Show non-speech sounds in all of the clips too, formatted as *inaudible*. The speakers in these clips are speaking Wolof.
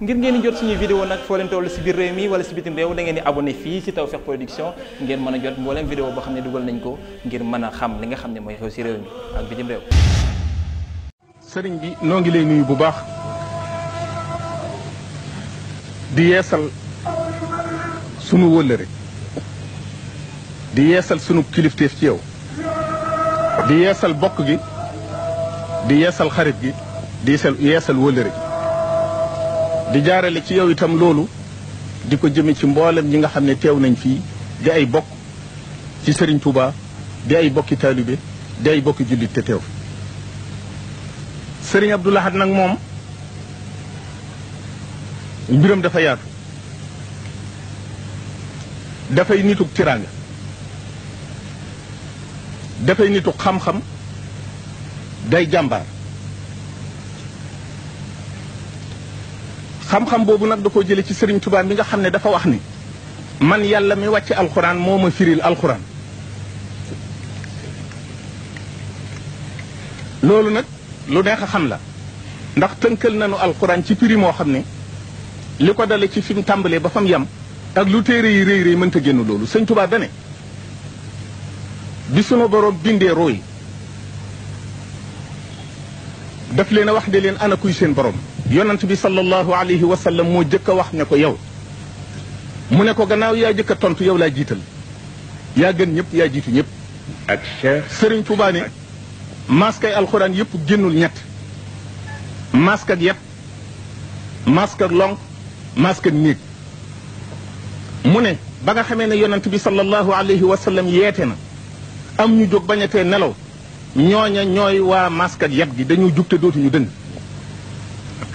ngir ngeen di jot suñu vidéo nag foo leen toll si biir réew mi wala si bitim réew da ngeen di abonné fii si Tawfekh Production ngeen mën a jot mbooleem vidéo boo xam ne dugal nañ ko ngir mën a xam li nga xam ne mooy xew si réew mi ak bitim réew sëriñ bi noo ngi lay nuyu bu baax di yeesal sunu wëllëre di yeesal sunu kilifteef ci yow di yeesal bokk gi di yeesal xarit gi di yeesal yeesal wëllëre gi di jaarale ci yow itam loolu di ko jëme ci mboolem ñi nga xam ne teew nañ fii di ay bokk ci sëriñ Touba di ay bokki taalibe di ay bokki jullit te teew sëriñ Abdou nag moom mbiram dafa yaatu dafay nituk tiraanga dafay nituk xam-xam day jàmbaar xam-xam boobu nag da koo jëlee ci Serigne Touba bi nga xam ne dafa wax ni man yàlla mi wàcc alxuraan moo ma firil alxuraan loolu nag lu neex a xam la ndax tënkal nañu alxuraan ci prix moo xam ne li ko dale ci fi mu tàmbalee ba fa mu yam ak lu téere yi réy réy mënta génn loolu sëñ Touba dane bi sunu borom bindee rooy daf leen a wax de leen ana kuy seen boroom yonant bi sallallahu alayhi wa sallam moo jëkk wax ne ko yow mu ne ko gannaaw yaa jëkk a tontu yow laa jiital yaa gën ñëpp yaa jiitu ñëpp. ak Cheikh Serigne Touba ne masque ay alxuraan yëpp génnul ñett masque yet masque ak lonk masque ak néeg mu ne ba nga xamee ne yonent bi sallallahu alayhi wa sallam yeete na am ñu jóg bañatee nelaw ñooña ñooy waa masque ak yet gi dañu jug dootuñu dëng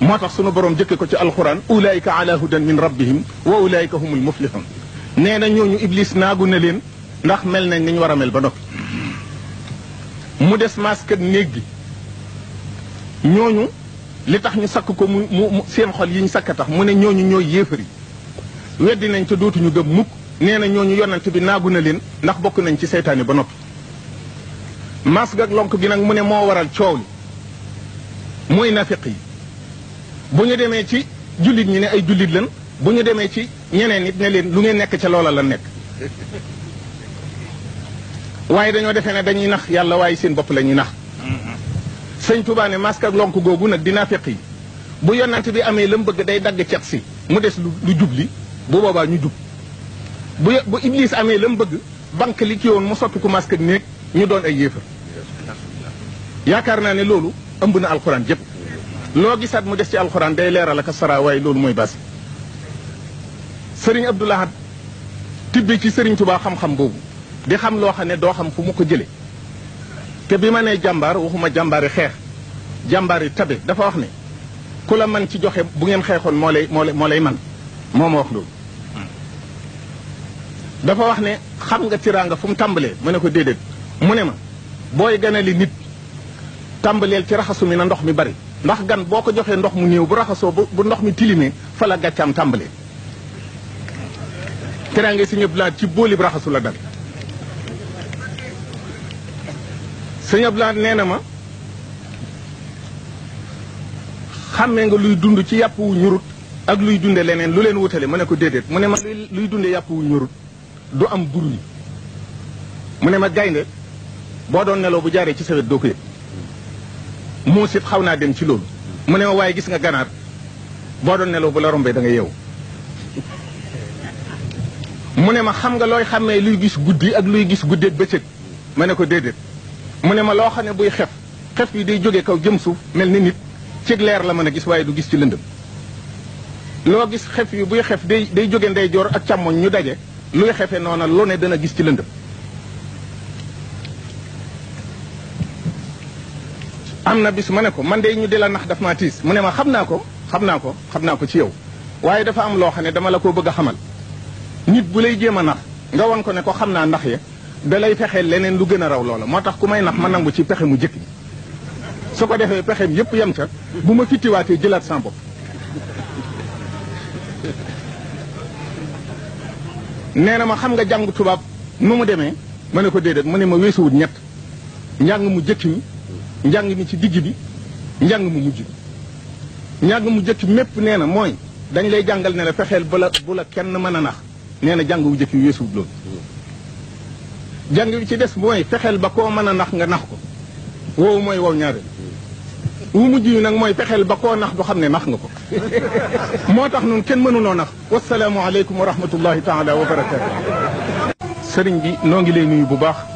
moo tax sunu borom jëkke ko ci alquran ulaayika ala hudan min rabbihim wa ulaayika humul muflihun nee na ñooñu iblis naagu na leen ndax mel nañ niñ war a mel ba noppi mu des masque ak néeg bi ñooñu li tax ñu sakk ko mu seen xol yi ñu sakk a tax mu ne ñooñu ñooy yéefar yi weddi nañ te dootuñu gëm mukk nee na ñooñu yonante bi naagu na leen ndax bokk nañ ci seytaane ba noppi masque ak lonk bi nag mu ne moo waral coow li mooy nafiq yi bu ñu demee ci jullit ñi ne ay jullit lan bu ñu demee ci ñeneen nit ne leen lu ngeen nekk ca loola la nekk waaye dañoo defee ne dañuy nax yàlla waaye seen bopp la ñuy nax sëñ Tuubaa ne masque ak lonk googu nag dinaa feq yi bu yonent bi amee la mu bëgg day dagg cet si mu des lu jubli bu boobaa ñu jub bu bu Iblis amee la mu bëgg banq li ci yoon mu soppi ku masque néeg ñu doon ay yéefar yaakaar naa ne loolu ëmb na alxuraan jëpp loo gisaat mu des ci alxuraan day leeral ak saraa waaye loolu mooy basi sëriñ Abdou Lahad ci sëriñ tubaa xam-xam boobu di xam loo xam ne doo xam fu mu ko jële te bi ma ne jàmbaar waxuma jàmbaari xeex jàmbaari tabe dafa wax ne ku la man ci joxe bu ngeen xeexoon moo lay moo man moo ma wax loolu dafa wax ne xam nga tiraanga fu mu tàmbalee mu ne ko déedéet mu ne ma booy ganali nit tàmbaleel ci raxasu mi na ndox mi bari ndax gan boo ko joxee ndox mu néew bu raxasoo bu ndox mi tilimee fa la gàccaam tàmbalee teraange sëñ sëñë Lahad ci boolib raxasu la dal sëñ Abdou Lahad na ma xàmmee nga luy dund ci yàpp wu ñurut ak luy dunde leneen lu leen wutale ma ne ko déedéet mu ne ma luy dunde yàpp wu ñurut du am buruñ mu ne ma gaynde boo doon nelaw bu jaaree ci sawet doo moo sib xaw naa dem ci loolu mu ne ma waaye gis nga ganaar boo doon nelaw bu la rombee da nga yeewu mu ne ma xam nga looy xàmmee luy gis guddi ak luy gis guddeeg bëccëg ma ne ko déedéet mu ne ma loo xam ne buy xef xef yi day jóge kaw jëm suuf mel ni nit cig leer la mën a gis waaye du gis ci lëndëm loo gis xef yi buy xef day day jóge ndeyjoor ak càmmooñ ñu daje luy xefe noona lu ne dana gis ci lëndëm am na bis ma ne ko man de ñu di la nax daf maa tiis mu ne ma xam naa ko xam naa ko xam naa ko ci yow waaye dafa am loo xam ne dama la ko bëgg a xamal nit bu lay jéem a nax nga won ko ne ko xam naa ndax ya da lay fexe leneen lu gën a raw loola moo tax ku may nax ma nangu ci pexe mu jëkk ji su ko defee pexeem yépp yem ca bu ma fittiwaatee jëlaat sans bopp nee na ma xam nga jàngu tubaab nu mu demee ma ne ko déedéet mu ne ma weesuwut ñett njàng mu jëkk mi njàng mi ci digg bi njàng mu mujj njàng mu jëkk mépp nee na mooy dañ lay jàngal ne la fexeel bu la kenn mën a nax neena jàng wu jëkk yu weesuwut loolu jàng wi ci des mooy fexeel ba koo mën a nax nga nax ko woowu mooy wow ñaareel wu mujj yu nag mooy fexeel ba koo nax du xam ne nax nga ko *laughs* moo tax nun kenn mënunoo nax wasalaamu aleykum wa rahmatullahi taala wa barakatu sëriñ bi noo ngi lay nuyu bu baax